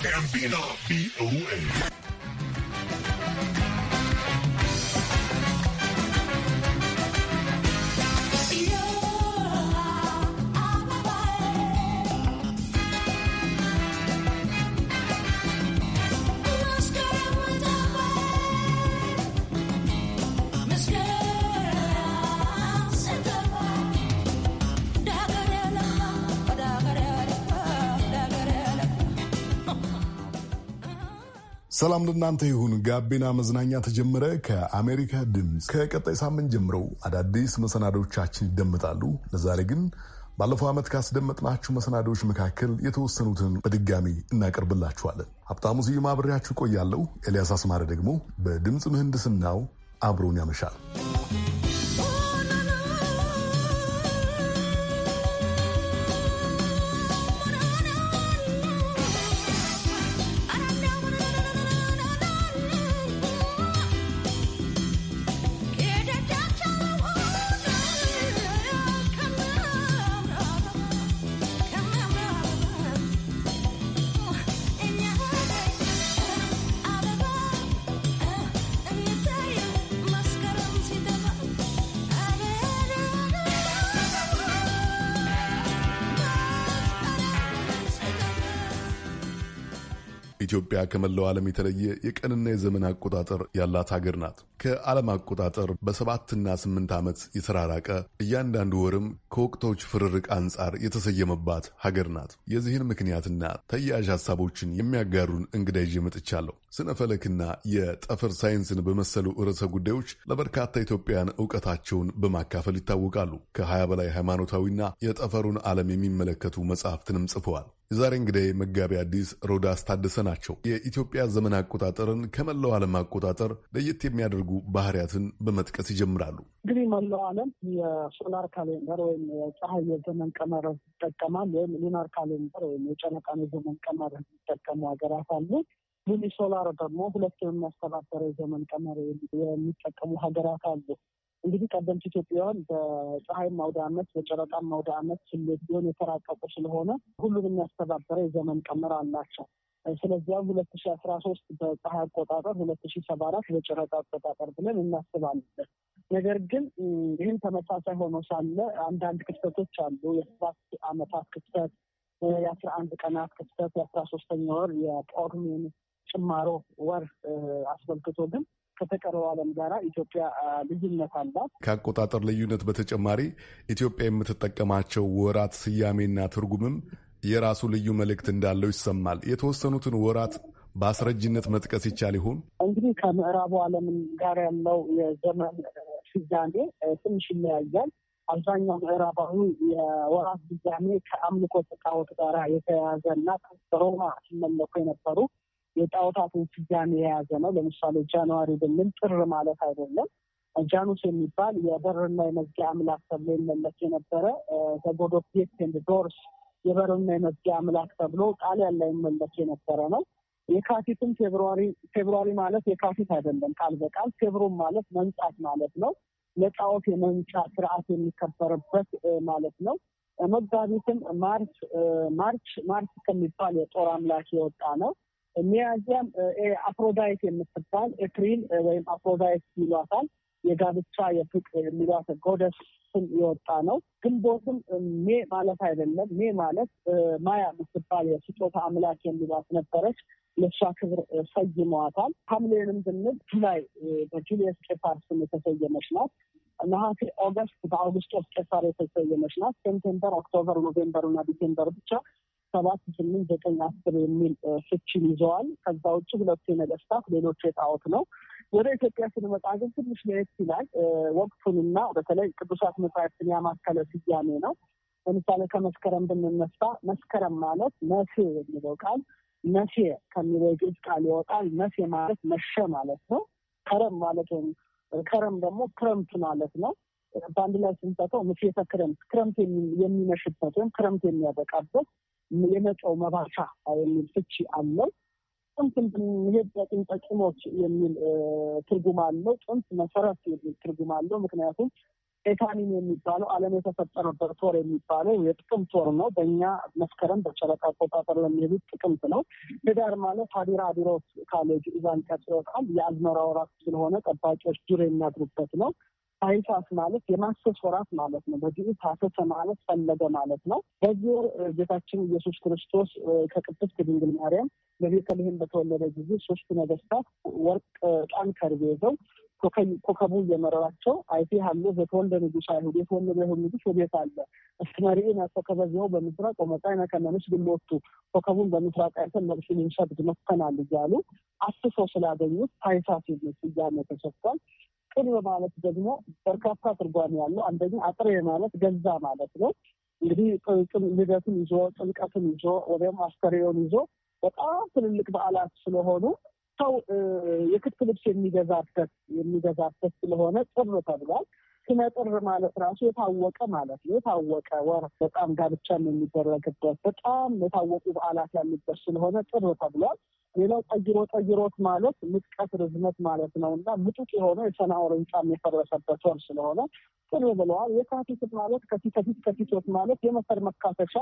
be B-O-A. ሰላም ለእናንተ ይሁን። ጋቢና መዝናኛ ተጀመረ። ከአሜሪካ ድምፅ ከቀጣይ ሳምንት ጀምረው አዳዲስ መሰናዶቻችን ይደመጣሉ። ለዛሬ ግን ባለፈው ዓመት ካስደመጥናችሁ መሰናዶዎች መካከል የተወሰኑትን በድጋሚ እናቀርብላችኋለን። ሀብታሙ ስዩም አብሬያችሁ ቆያለሁ። ኤልያስ አስማረ ደግሞ በድምፅ ምህንድስናው አብሮን ያመሻል። ኢትዮጵያ ከመላው ዓለም የተለየ የቀንና የዘመን አቆጣጠር ያላት ሀገር ናት። ከዓለም አቆጣጠር በሰባትና ስምንት ዓመት የተራራቀ እያንዳንዱ ወርም ከወቅቶች ፍርርቅ አንጻር የተሰየመባት ሀገር ናት። የዚህን ምክንያትና ተያያዥ ሀሳቦችን የሚያጋሩን እንግዳ ይዤ መጥቻለሁ። ፈለክና የጠፈር ሳይንስን በመሰሉ ርዕሰ ጉዳዮች ለበርካታ ኢትዮጵያን እውቀታቸውን በማካፈል ይታወቃሉ ከሀያ በላይ ሃይማኖታዊና የጠፈሩን ዓለም የሚመለከቱ መጽሐፍትንም ጽፈዋል። የዛሬ እንግዳዬ መጋቢ አዲስ ሮዳስ ታደሰ ናቸው። የኢትዮጵያ ዘመን አቆጣጠርን ከመላው ዓለም አቆጣጠር ለየት የሚያደርጉ ባህሪያትን በመጥቀስ ይጀምራሉ። እንግዲህ መላው ዓለም የሶላር ካሌንደር ወይም የፀሐይ የዘመን ቀመር ይጠቀማል። ወይም ሉናር ካሌንደር ወይም የጨረቃን የዘመን ቀመር የሚጠቀሙ ሀገራት አሉ። ሉሊ ሶላር ደግሞ ሁለቱን የሚያስተባበረ የዘመን ቀመር የሚጠቀሙ ሀገራት አሉ። እንግዲህ ቀደምት ኢትዮጵያውያን በፀሐይም አውደ ዓመት በጨረቃም አውደ ዓመት ስሌት ቢሆን የተራቀቁ ስለሆነ ሁሉም የሚያስተባበረ የዘመን ቀመር አላቸው። ስለዚያም ሁለት ሺ አስራ ሶስት በፀሐይ አቆጣጠር ሁለት ሺ ሰባ አራት በጨረቃ አቆጣጠር ብለን እናስባለን። ነገር ግን ይህን ተመሳሳይ ሆኖ ሳለ አንዳንድ ክፍተቶች አሉ። የሰባት ዓመታት ክፍተት፣ የአስራ አንድ ቀናት ክፍተት፣ የአስራ ሶስተኛ ወር የጳጉሜን ጭማሮ ወር አስመልክቶ ግን ከተቀረው ዓለም ጋራ ኢትዮጵያ ልዩነት አላት። ከአቆጣጠር ልዩነት በተጨማሪ ኢትዮጵያ የምትጠቀማቸው ወራት ስያሜና ትርጉምም የራሱ ልዩ መልእክት እንዳለው ይሰማል። የተወሰኑትን ወራት በአስረጅነት መጥቀስ ይቻል ይሆን? እንግዲህ ከምዕራቡ ዓለም ጋር ያለው የዘመን ስያሜ ትንሽ ይለያያል። አብዛኛው ምዕራባዊ የወራት ስያሜ ከአምልኮ ተቃወት ጋር የተያያዘ እና ሮማ ሲመለኩ የነበሩ የጣዖታትን ስያሜ የያዘ ነው። ለምሳሌ ጃንዋሪ ብንል ጥር ማለት አይደለም። ጃኑስ የሚባል የበርና የመዝጊያ አምላክ ተብሎ ይመለክ የነበረ በጎድ ኦፍ ጌትስ ኤንድ ዶርስ የበርና የመዝጊያ አምላክ ተብሎ ጣሊያን ላይ ይመለክ የነበረ ነው። የካቲትም ፌብሩዋሪ ፌብሩዋሪ ማለት የካቲት አይደለም ቃል በቃል ፌብሩም ማለት መንጻት ማለት ነው። ለጣዖት የመንጫ ስርዓት የሚከበርበት ማለት ነው። መጋቢትም ማርች ማርች ማርች ከሚባል የጦር አምላክ የወጣ ነው። ሚያዚያም አፕሮዳይት የምትባል ኤፕሪል ወይም አፕሮዳይት ይሏታል የጋብቻ የፍቅ የሚሏት ጎደስ ስም የወጣ ነው። ግንቦትም ሜ ማለት አይደለም። ሜ ማለት ማያ የምትባል የስጦታ አምላክ የሚሏት ነበረች። ለእሷ ክብር ሰይመዋታል። ሐምሌንም ብንል ጁላይ በጁልየስ ቄፋር ስም የተሰየመች ናት። ነሐሴ ኦገስት በአውግስጦስ ቄፋር የተሰየመች ናት። ሴፕቴምበር፣ ኦክቶበር፣ ኖቬምበር እና ዲሴምበር ብቻ ሰባት ስምንት ዘጠኝ አስር የሚል ፍችን ይዘዋል። ከዛ ውጭ ሁለቱ የነገስታት ሌሎቹ የጣዖት ነው። ወደ ኢትዮጵያ ስንመጣ ግን ትንሽ ለየት ይላል። ወቅቱንና በተለይ ቅዱሳት መጻሕፍትን ያማከለ ስያሜ ነው። ለምሳሌ ከመስከረም ብንነሳ መስከረም ማለት መሴ የሚለው ቃል መሴ ከሚለው የግዕዝ ቃል ይወጣል። መሴ ማለት መሸ ማለት ነው። ከረም ማለት ወይም ከረም ደግሞ ክረምት ማለት ነው። በአንድ ላይ ስንሰተው ምሴተ ክረምት ክረምት የሚመሽበት ወይም ክረምት የሚያበቃበት የመጠው መባቻ የሚል ፍቺ አለው። ጥንት ብንሄድ ጥንተ የሚል ትርጉም አለው። ጥንት መሰረት የሚል ትርጉም አለው። ምክንያቱም ኤታኒን የሚባለው ዓለም የተፈጠረበት ወር የሚባለው የጥቅምት ወር ነው። በእኛ መስከረም በጨረቃ አቆጣጠር ለሚሄዱት ጥቅምት ነው። ህዳር ማለት ሀዲራ ዲሮስ ካሌጅ ኢዛን ቀጥሮታል። የአዝመራ ወራት ስለሆነ ጠባቂዎች ዱር የሚያድሩበት ነው። ታይሳስ ማለት የማሰስ ወራት ማለት ነው። በዚህ ታሰሰ ማለት ፈለገ ማለት ነው። በዚህ ወር ጌታችን ኢየሱስ ክርስቶስ ከቅድስት ድንግል ማርያም በቤተልሔም በተወለደ ጊዜ ሶስቱ ነገስታት ወርቅ፣ ዕጣን፣ ከርቤ ይዘው ኮከቡ እየመረራቸው አይቴ ሀሎ ዘተወልደ ንጉስ አይሁድ የተወለደ አይሁድ ንጉስ ወዴት አለ እስመርኢነ ኮከበ ዚአሁ በምስራቅ ወመጻእነ ከመ ንስግድ ኮከቡን በምስራቅ አይተን ለብሱ ልንሰግድ መጥተናል እያሉ አስሶ ስላገኙት ታኅሳስ የሚል ስያሜ ተሰጥቷል። ቅርብ ማለት ደግሞ በርካታ ትርጓሜ ያለው አንደኛ አጥሬ ማለት ገዛ ማለት ነው። እንግዲህ ልደትን ይዞ ጥምቀትን ይዞ ወይም አስተሬውን ይዞ በጣም ትልልቅ በዓላት ስለሆኑ ሰው የክት ልብስ የሚገዛበት የሚገዛበት ስለሆነ ጥር ተብሏል። ስነ ጥር ማለት ራሱ የታወቀ ማለት ነው። የታወቀ ወር በጣም ጋብቻም የሚደረግበት በጣም የታወቁ በዓላት ያሉበት ስለሆነ ጥር ተብሏል። ሌላው ጠይሮ ጠይሮት ማለት ምጥቀት ርዝመት ማለት ነው እና ምጡቅ የሆነ የሰና ርንጫም የፈረሰበት ወር ስለሆነ ጥሩ ብለዋል። የካቲት ማለት ከፊት ከፊት ከፊቶት ማለት የመሰር መካፈሻ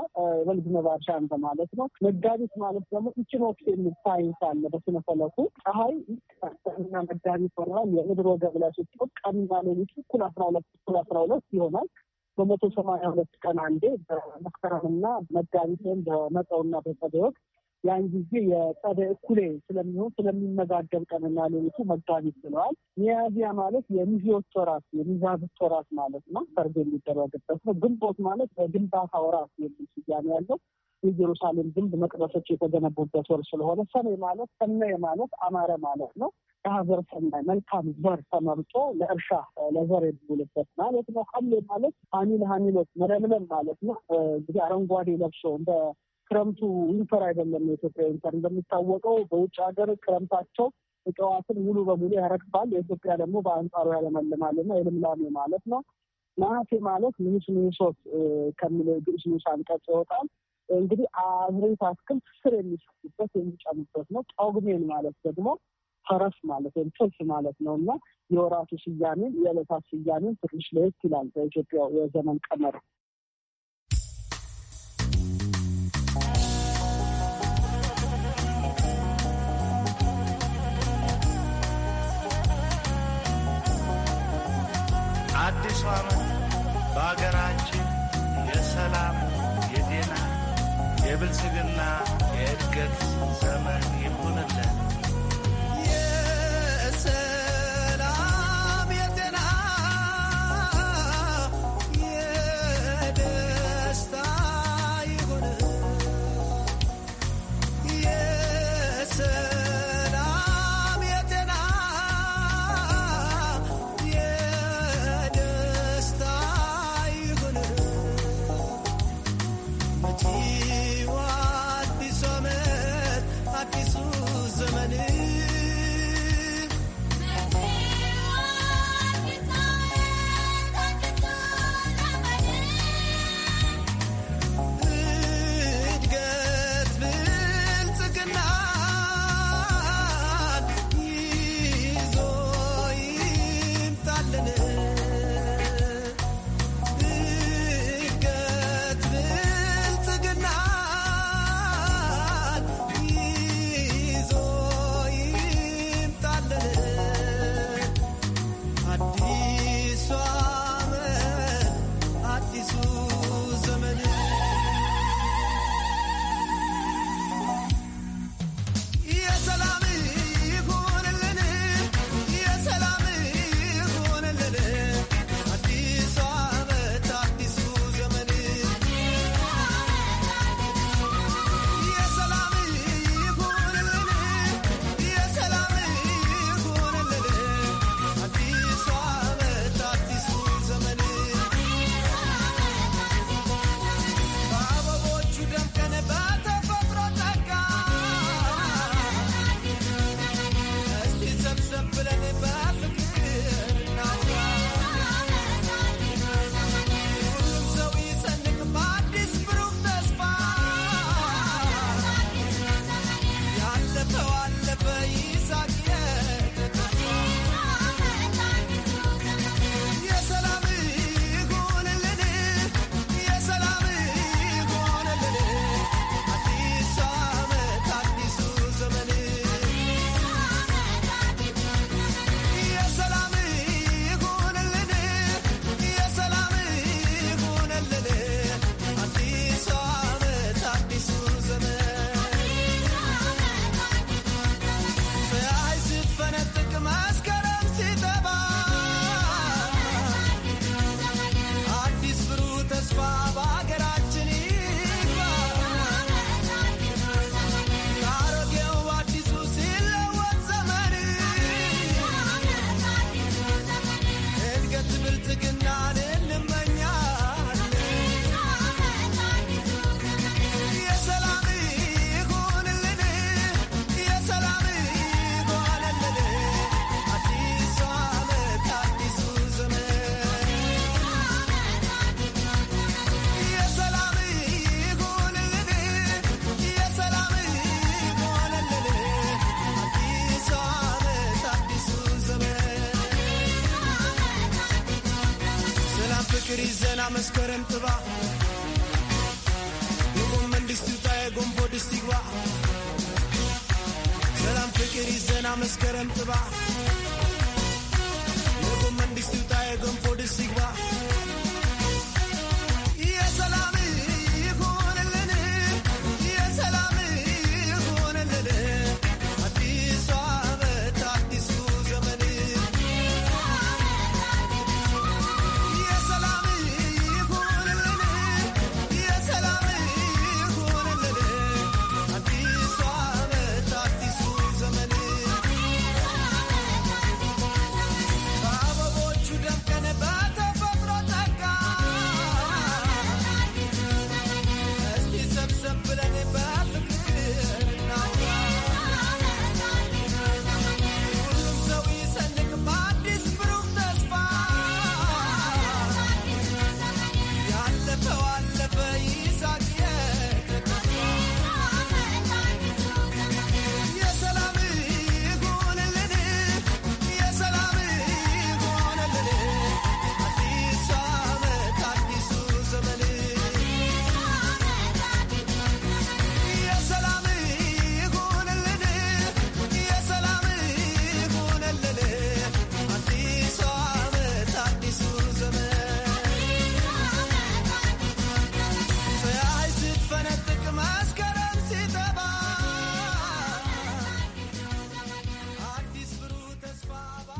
ወልድ መባሻ እንደ ማለት ነው። መጋቢት ማለት ደግሞ ኢኪኖክስ የሚል ሳይንስ አለ በስነፈለኩ ፈለኩ ፀሐይ እና መጋቢት ወራል የእድሮ ገብላ ላይ ስትቆም ቀንና ሌሊት እኩል አስራ ሁለት እኩል አስራ ሁለት ይሆናል። በመቶ ሰማኒያ ሁለት ቀን አንዴ በመስከረምና መጋቢት ወይም በመጸውና በጸደይ ወቅት ያን ጊዜ የጸደ እኩሌ ስለሚሆን ስለሚመጋገብ ቀንና ሌሊቱ መጋቢት ብለዋል። ሚያዝያ ማለት የሚዜዎች ወራት የሚዛብት ወራት ማለት ነው። ሰርግ የሚደረግበት ነው። ግንቦት ማለት በግንባታ ወራት የሚል ስያሜ ያለው የኢየሩሳሌም ግንብ መቅደሶች የተገነቡበት ወር ስለሆነ ሰኔ ማለት ሰነ ማለት አማረ ማለት ነው። ከሀዘር ሰናይ መልካም ዘር ተመርጦ ለእርሻ ለዘር የሚውልበት ማለት ነው። ሐምሌ ማለት ሀሚል ሀሚሎች መለምለም ማለት ነው። እንግዲህ አረንጓዴ ለብሶ እንደ ክረምቱ ዊንተር አይደለም። የኢትዮጵያ ዊንተር እንደሚታወቀው በውጭ ሀገር ክረምታቸው እጽዋትን ሙሉ በሙሉ ያረግፋል። የኢትዮጵያ ደግሞ በአንጻሩ ያለመልማልና የልምላሜ ማለት ነው። ነሐሴ ማለት ንዑስ ንሶት ከሚለው ግዕዝ ንዑስ አንቀጽ ይወጣል። እንግዲህ አብሬት አትክልት ስር የሚሰጡበት የሚጨምበት ነው። ጳጉሜን ማለት ደግሞ ፈረስ ማለት ወይም ትልፍ ማለት ነው እና የወራቱ ስያሜን የዕለታት ስያሜን ትንሽ ለየት ይላል በኢትዮጵያ የዘመን ቀመር የእድገት ዘመን ይሁንልን። መስከረም ጥባ የጎመን ድስቲውጣ የገንፎ ድስት ይግባ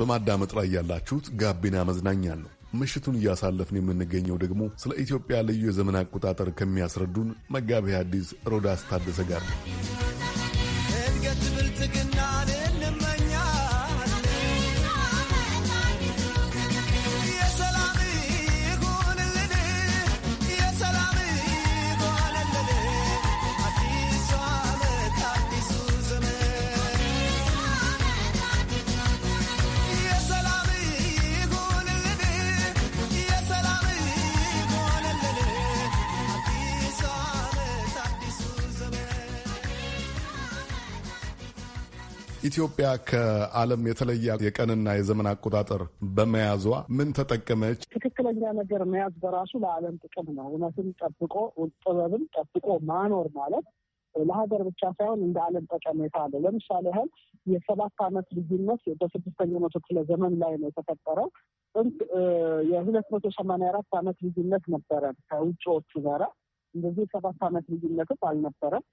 በማዳመጥ ላይ ያላችሁት ጋቢና መዝናኛ ነው። ምሽቱን እያሳለፍን የምንገኘው ደግሞ ስለ ኢትዮጵያ ልዩ የዘመን አቆጣጠር ከሚያስረዱን መጋቢ ሐዲስ ሮዳስ ታደሰ ጋር ኢትዮጵያ ከዓለም የተለየ የቀንና የዘመን አቆጣጠር በመያዟ ምን ተጠቀመች? ትክክለኛ ነገር መያዝ በራሱ ለዓለም ጥቅም ነው። እውነትን ጠብቆ ጥበብን ጠብቆ ማኖር ማለት ለሀገር ብቻ ሳይሆን እንደ ዓለም ጠቀሜታ አለ። ለምሳሌ ያህል የሰባት ዓመት ልዩነት በስድስተኛው መቶ ክፍለ ዘመን ላይ ነው የተፈጠረው። የሁለት መቶ ሰማንያ አራት ዓመት ልዩነት ነበረን ከውጭዎቹ ጋራ። እንደዚህ የሰባት ዓመት ልዩነትም አልነበረም።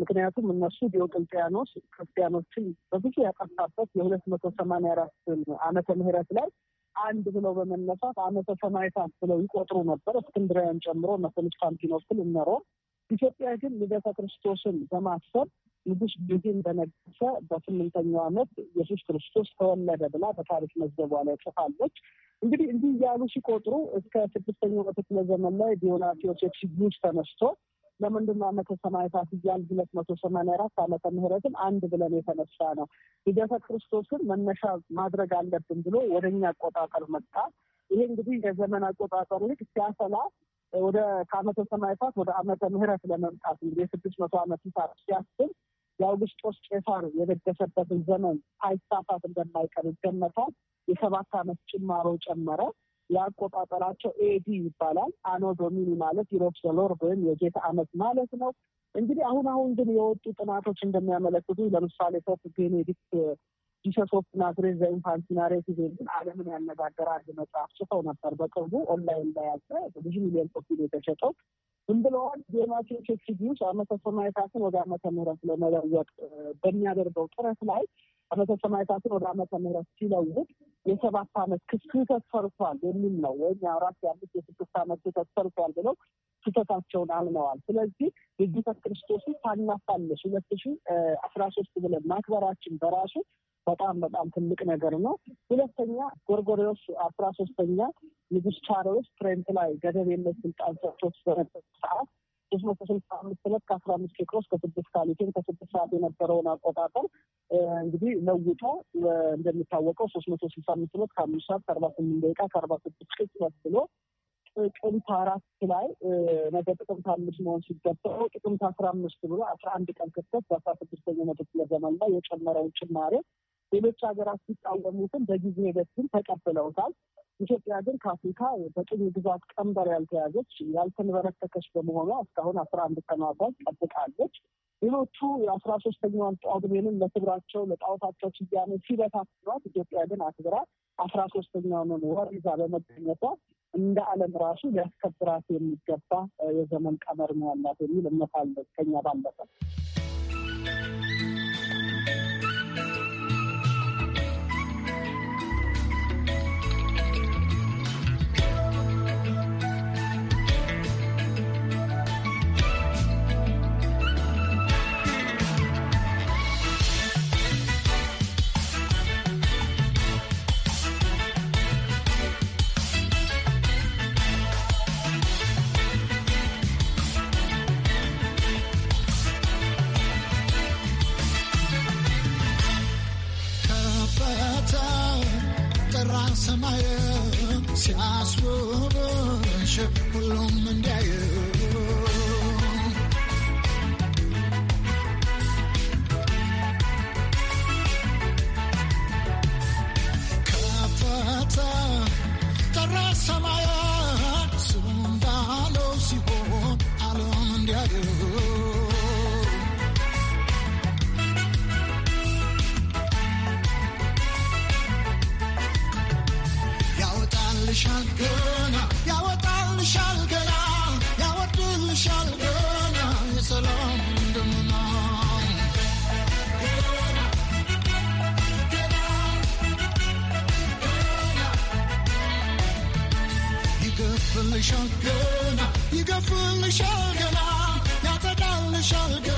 ምክንያቱም እነሱ ዲዮቅልጥያኖስ ክርስቲያኖችን በብዙ ያጠፋበት የሁለት መቶ ሰማንያ አራት አመተ ምህረት ላይ አንድ ብለው በመነሳት አመተ ሰማዕታት ብለው ይቆጥሩ ነበር። እስክንድሪያን ጨምሮ እነ ኮንስታንቲኖፕል እነሮ ኢትዮጵያ ግን ልደተ ክርስቶስን በማሰብ ንጉስ ጊዜን በነገሰ በስምንተኛው ዓመት ኢየሱስ ክርስቶስ ተወለደ ብላ በታሪክ መዝገቧ ላይ ጽፋለች። እንግዲህ እንዲህ እያሉ ሲቆጥሩ እስከ ስድስተኛው መቶ ክፍለ ዘመን ላይ ዲዮናቴዎስ ኤክሲጊዩስ ተነስቶ ለምንድን ነው አመተ ሰማዕታት እያል ሁለት መቶ ሰማንያ አራት አመተ ምህረትን አንድ ብለን የተነሳ ነው። ልደተ ክርስቶስን መነሻ ማድረግ አለብን ብሎ ወደ እኛ አቆጣጠር መጣ። ይሄ እንግዲህ ከዘመን አቆጣጠር ልክ ሲያሰላ ወደ ከአመተ ሰማዕታት ወደ አመተ ምህረት ለመምጣት እንግዲህ የስድስት መቶ አመት ሂሳብ ሲያስብ የአውግስጦስ ቄሳር የደገሰበትን ዘመን ሳይሳፋት እንደማይቀር ይገመታል። የሰባት አመት ጭማሮ ጨመረ። ያቆጣጠራቸው ኤዲ ይባላል። አኖ ዶሚኒ ማለት ኢሮብ ዘሎር ወይም የጌታ አመት ማለት ነው። እንግዲህ አሁን አሁን ግን የወጡ ጥናቶች እንደሚያመለክቱ ለምሳሌ ፖፕ ቤኔዲክት ጂሰስ ኦፍ ናዝሬት ዘኢንፋንቲናሬት ግን ዓለምን ያነጋገረ አንድ መጽሐፍ ጽፈው ነበር። በቅርቡ ኦንላይን ላይ ያለ ብዙ ሚሊዮን ኮፒ የተሸጠው ዝም ብለዋል። ዴማቴዎስ ኤክሲዲዩስ አመተ ሰማይታትን ወደ አመተ ምሕረት ለመለወጥ በሚያደርገው ጥረት ላይ ዓመተ ሰማንያታትን ወደ አመተ ምህረት ሲለውጥ የሰባት ዓመት ክስተት ሰርቷል የሚል ነው። ወይም የአራት የአምስት የስድስት ዓመት ክስተት ሰርቷል ብለው ስህተታቸውን አምነዋል። ስለዚህ የጌታ ክርስቶስ ታናፋለች ሁለት ሺ አስራ ሶስት ብለን ማክበራችን በራሱ በጣም በጣም ትልቅ ነገር ነው። ሁለተኛ ጎርጎሬዎስ አስራ ሶስተኛ ንጉስ ቻሮስ ትሬንት ላይ ገደብ የለሽ ስልጣን ሰጥቶት በነበረ ሰዓት ስድስት መቶ ስልሳ አምስት ዕለት ከአስራ አምስት ኬክሮስ ከስድስት ካሊቴን ከስድስት ሰዓት የነበረውን አቆጣጠር እንግዲህ ለውጦ እንደሚታወቀው ሶስት መቶ ስልሳ አምስት ዕለት ከአምስት ሰዓት ከአርባ ስምንት ደቂቃ ከአርባ ስድስት ቅጽ መስሎ ጥቅምት አራት ላይ ነገ ጥቅምት አምስት መሆን ሲገባው ጥቅምት አስራ አምስት ብሎ አስራ አንድ ቀን ክፍተት በአስራ ስድስተኛው መቶ ክፍለ ዘመን ላይ የጨመረውን ጭማሬ ሌሎች ሀገራት ሲቃወሙትን በጊዜ ሂደት ግን ተቀብለውታል። ኢትዮጵያ ግን ከአፍሪካ በቅኝ ግዛት ቀንበር ያልተያዘች ያልተንበረከከች በመሆኗ እስካሁን አስራ አንድ ቀናቷን ጠብቃለች። ሌሎቹ የአስራ ሶስተኛዋን ጳጉሜንን ለክብራቸው ለጣዖታቸው ስያሜ ሲበታትኗት ኢትዮጵያ ግን አክብራ አስራ ሶስተኛውን ወር ይዛ በመገኘቷ እንደ ዓለም ራሱ ሊያስከብራት የሚገባ የዘመን ቀመር ነው ያላት የሚል እምነት አለ ከኛ ባለፈ ይገፋልሻል ገና ያጠቃልሻል ገና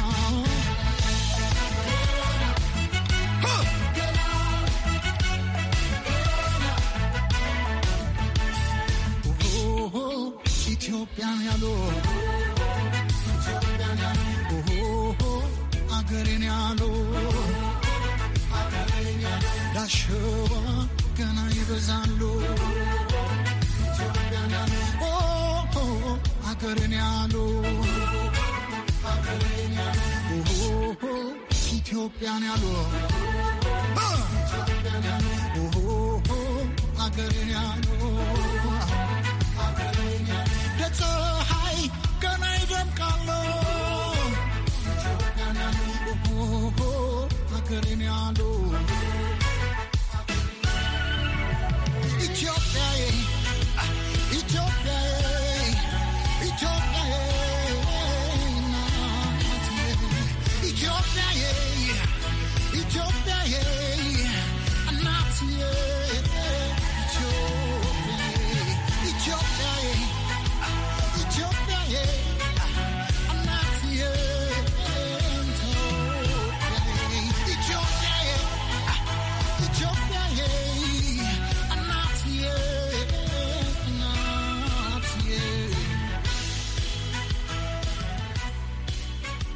ኢትዮጵያን ያሉ ኦሆ አገሬን ያሉ ዳሸዋ ገና ይበዛሉ ኦሆ አገሬን ያሉ ኦሆ ኢትዮጵያን ያሉ ኦሆ አገሬን ያሉ ፀሐይ ገና ይደምቃለ ሀገሬን ያሉ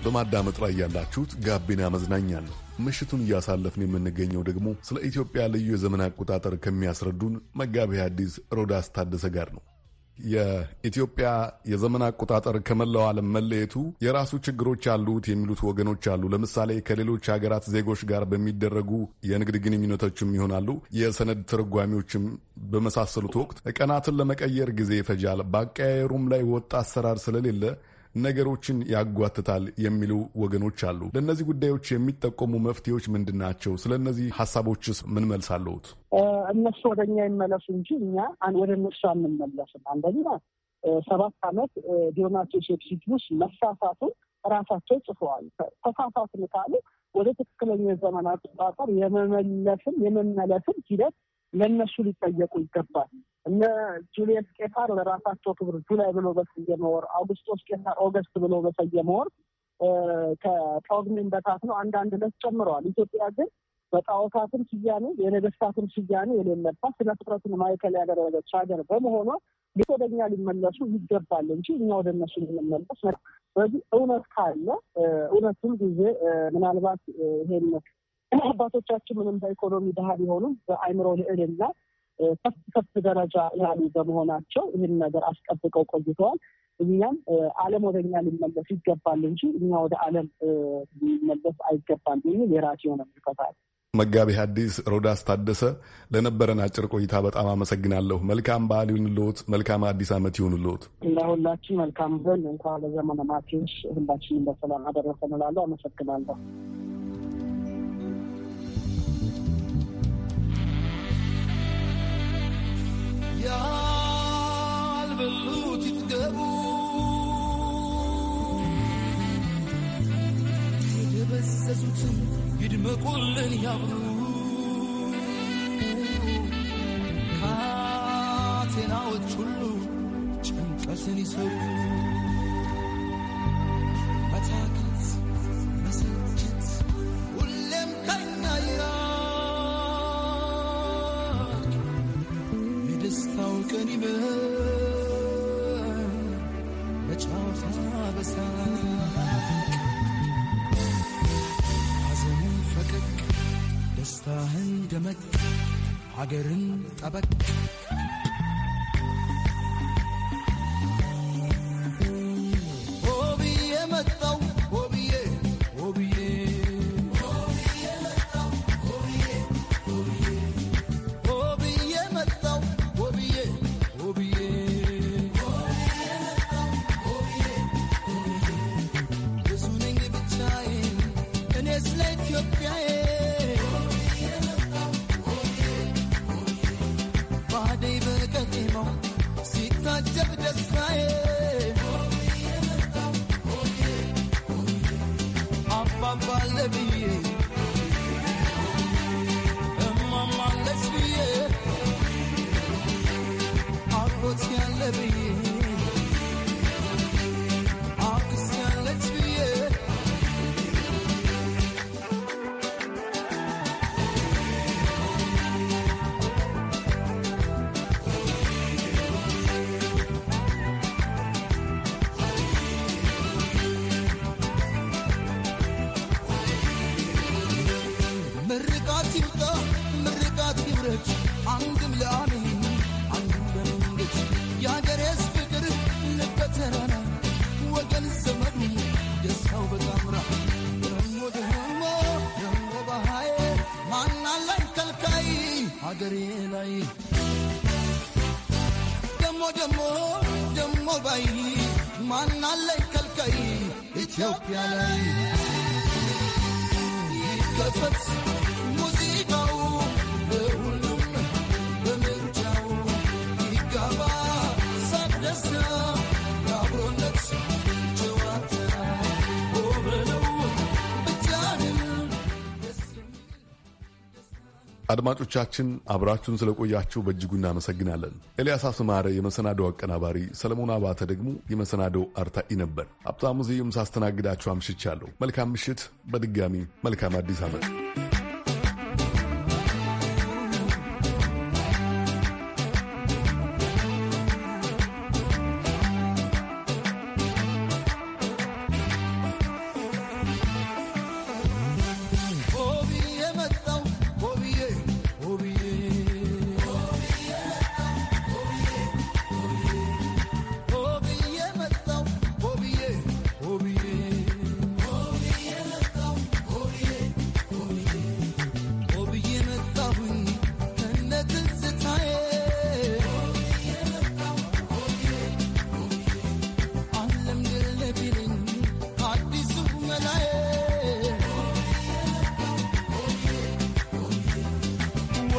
በማዳመጥ ላይ ያላችሁት ጋቢና መዝናኛ ነው። ምሽቱን እያሳለፍን የምንገኘው ደግሞ ስለ ኢትዮጵያ ልዩ የዘመን አቆጣጠር ከሚያስረዱን መጋቢ አዲስ ሮዳስ ታደሰ ጋር ነው። የኢትዮጵያ የዘመን አቆጣጠር ከመላው ዓለም መለየቱ የራሱ ችግሮች አሉት የሚሉት ወገኖች አሉ። ለምሳሌ ከሌሎች ሀገራት ዜጎች ጋር በሚደረጉ የንግድ ግንኙነቶችም ይሆናሉ፣ የሰነድ ተረጓሚዎችም በመሳሰሉት ወቅት ቀናትን ለመቀየር ጊዜ ይፈጃል። በአቀያየሩም ላይ ወጥ አሰራር ስለሌለ ነገሮችን ያጓትታል የሚሉ ወገኖች አሉ። ለእነዚህ ጉዳዮች የሚጠቆሙ መፍትሄዎች ምንድን ናቸው? ስለ እነዚህ ሀሳቦችስ ምን መልስ አለሁት? እነሱ ወደ እኛ ይመለሱ እንጂ እኛ ወደ እነሱ አንመለስም። አንደኛ ሰባት ዓመት ዲዮናቴዎስ ኤክሲቲዩስ መሳሳቱን ራሳቸው ጽፈዋል። ተሳሳትን ካሉ ወደ ትክክለኛ ዘመን አቆጣጠር የመመለስም የመመለስም ሂደት ለእነሱ ሊጠየቁ ይገባል። እነ ጁልየስ ቄሳር ለራሳቸው ክብር ጁላይ ብሎ በሰየመ ወር፣ አውግስቶስ ቄሳር ኦገስት ብሎ በሰየመ ወር ከጳጉሜን በታት ነው። አንዳንድ ዕለት ጨምረዋል። ኢትዮጵያ ግን በጣዖታትም ስያሜ የነገስታትም ስያሜ የሌለባት ስነ ፍጥረትን ማዕከል ያደረገች ሀገር በመሆኗ ወደ እኛ ሊመለሱ ይገባል እንጂ እኛ ወደ እነሱ ልንመለስ ስለዚህ እውነት ካለ እውነቱም ጊዜ ምናልባት ይሄን አባቶቻችን ምንም በኢኮኖሚ ድሃ ቢሆኑም በአይምሮ ልዕልና ከፍ ከፍ ደረጃ ያሉ በመሆናቸው ይህን ነገር አስጠብቀው ቆይተዋል። እኛም ዓለም ወደ እኛ ሊመለስ ይገባል እንጂ እኛ ወደ ዓለም ሊመለስ አይገባል የሚል የራሴ የሆነ ምልከታ አለ። መጋቢ ሐዲስ ሮዳስ ታደሰ፣ ለነበረን አጭር ቆይታ በጣም አመሰግናለሁ። መልካም በዓል ይሁንልዎት። መልካም አዲስ ዓመት ይሁንልዎት። ለሁላችን መልካም ብን እንኳን ለዘመነ ማቴዎስ ሁላችንም በሰላም አደረሰን እላለሁ። አመሰግናለሁ። በቁልን ያብሩ ካቴናዎች ሁሉ ጭንቀትን ይሰሩ አገርን ጠበቅ ምርቃት ይምጣ ምርቃት ይውረድ አንድም ለአምን አንድም ለመንገድ የአገሬስ ፍቅር ንበተረና ወገን ዘመዱ ደስታው በጣምራ ደሞ ደሞ ደሞ ባሃይ ማናላይ ከልካይ ሀገሬ ላይ ደሞ ደሞ ደሞ ባይ ማናላይ ከልካይ ኢትዮጵያ ላይ ይከፈት አድማጮቻችን አብራችሁን ስለቆያችሁ በእጅጉ እናመሰግናለን። ኤልያስ አስማረ የመሰናደው አቀናባሪ፣ ሰለሞን አባተ ደግሞ የመሰናደው አርታኢ ነበር። ሀብታሙ ዝዩም ሳስተናግዳችሁ አምሽቻለሁ። መልካም ምሽት። በድጋሚ መልካም አዲስ ዓመት።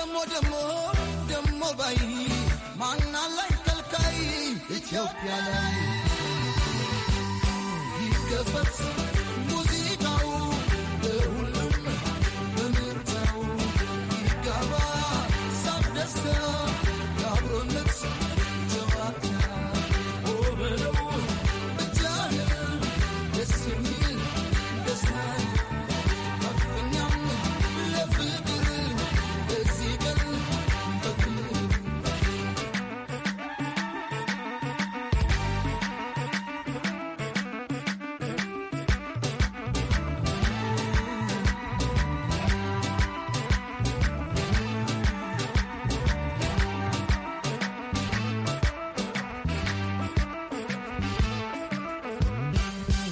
ደሞ ደሞ ደሞ ባይ ማና ላይ ከልካይ ኢትዮጵያ ላይ ይከፈት ሙዚቃው በሁሉም በምርጫው ይጋባ ሳብ